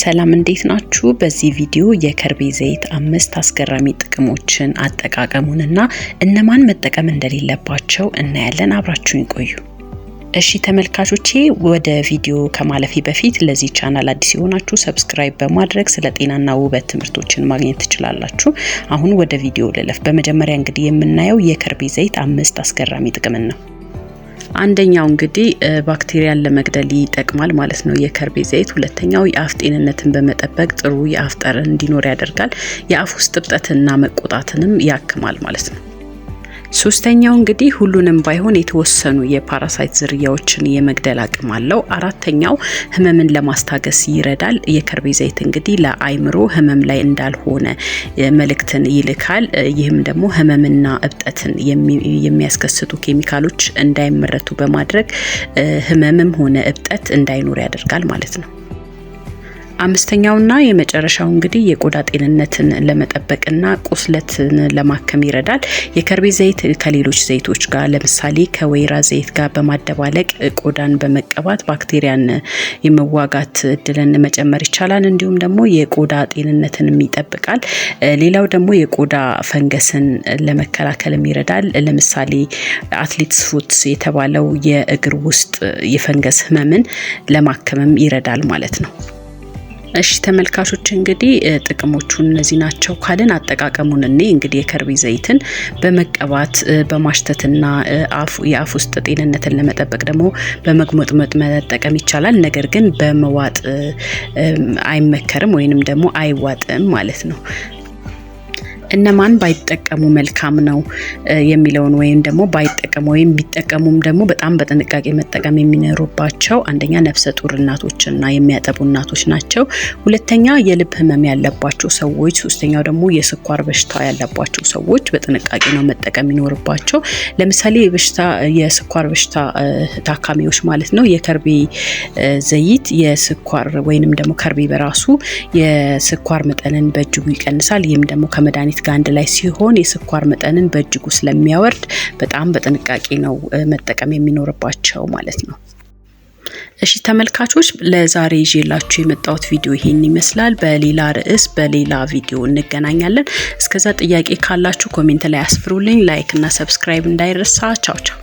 ሰላም እንዴት ናችሁ? በዚህ ቪዲዮ የከርቤ ዘይት አምስት አስገራሚ ጥቅሞችን አጠቃቀሙንና እነማን መጠቀም እንደሌለባቸው እናያለን። አብራችሁን ይቆዩ። እሺ ተመልካቾቼ፣ ወደ ቪዲዮ ከማለፌ በፊት ለዚህ ቻናል አዲስ የሆናችሁ ሰብስክራይብ በማድረግ ስለ ጤናና ውበት ትምህርቶችን ማግኘት ትችላላችሁ። አሁን ወደ ቪዲዮ ልለፍ። በመጀመሪያ እንግዲህ የምናየው የከርቤ ዘይት አምስት አስገራሚ ጥቅምን ነው። አንደኛው እንግዲህ ባክቴሪያን ለመግደል ይጠቅማል ማለት ነው የከርቤ ዘይት። ሁለተኛው የአፍ ጤንነትን በመጠበቅ ጥሩ የአፍ ጠረን እንዲኖር ያደርጋል። የአፍ ውስጥ እብጠትና መቆጣትንም ያክማል ማለት ነው። ሶስተኛው እንግዲህ ሁሉንም ባይሆን የተወሰኑ የፓራሳይት ዝርያዎችን የመግደል አቅም አለው። አራተኛው ህመምን ለማስታገስ ይረዳል። የከርቤ ዘይት እንግዲህ ለአይምሮ ህመም ላይ እንዳልሆነ መልእክትን ይልካል። ይህም ደግሞ ህመምና እብጠትን የሚያስከስቱ ኬሚካሎች እንዳይመረቱ በማድረግ ህመምም ሆነ እብጠት እንዳይኖር ያደርጋል ማለት ነው። አምስተኛውና የመጨረሻው እንግዲህ የቆዳ ጤንነትን ለመጠበቅና ቁስለትን ለማከም ይረዳል። የከርቤ ዘይት ከሌሎች ዘይቶች ጋር ለምሳሌ ከወይራ ዘይት ጋር በማደባለቅ ቆዳን በመቀባት ባክቴሪያን የመዋጋት እድልን መጨመር ይቻላል። እንዲሁም ደግሞ የቆዳ ጤንነትንም ይጠብቃል። ሌላው ደግሞ የቆዳ ፈንገስን ለመከላከልም ይረዳል። ለምሳሌ አትሌትስ ፉት የተባለው የእግር ውስጥ የፈንገስ ህመምን ለማከምም ይረዳል ማለት ነው። እሺ ተመልካቾች እንግዲህ ጥቅሞቹ እነዚህ ናቸው ካልን አጠቃቀሙን እኔ እንግዲህ የከርቤ ዘይትን በመቀባት በማሽተትና የአፍ ውስጥ ጤንነትን ለመጠበቅ ደግሞ በመግሞጥመጥ መጠቀም ይቻላል። ነገር ግን በመዋጥ አይመከርም ወይንም ደግሞ አይዋጥም ማለት ነው። እነማን ባይጠቀሙ መልካም ነው የሚለውን ወይም ደግሞ ባይጠቀሙ ወይም ቢጠቀሙም ደግሞ በጣም በጥንቃቄ መጠቀም የሚኖሩባቸው አንደኛ ነፍሰ ጡር እናቶችና የሚያጠቡ እናቶች ናቸው። ሁለተኛ የልብ ህመም ያለባቸው ሰዎች፣ ሶስተኛው ደግሞ የስኳር በሽታ ያለባቸው ሰዎች በጥንቃቄ ነው መጠቀም ይኖርባቸው። ለምሳሌ የበሽታ የስኳር በሽታ ታካሚዎች ማለት ነው የከርቤ ዘይት የስኳር ወይንም ደግሞ ከርቤ በራሱ የስኳር መጠንን በእጅጉ ይቀንሳል። ይህም ደግሞ ከመድኃኒት ከመድኃኒት ጋር አንድ ላይ ሲሆን የስኳር መጠንን በእጅጉ ስለሚያወርድ በጣም በጥንቃቄ ነው መጠቀም የሚኖርባቸው ማለት ነው። እሺ ተመልካቾች ለዛሬ ይዤላችሁ የመጣሁት ቪዲዮ ይሄን ይመስላል። በሌላ ርዕስ በሌላ ቪዲዮ እንገናኛለን። እስከዛ ጥያቄ ካላችሁ ኮሜንት ላይ አስፍሩልኝ። ላይክ እና ሰብስክራይብ እንዳይረሳ። ቻው ቻው።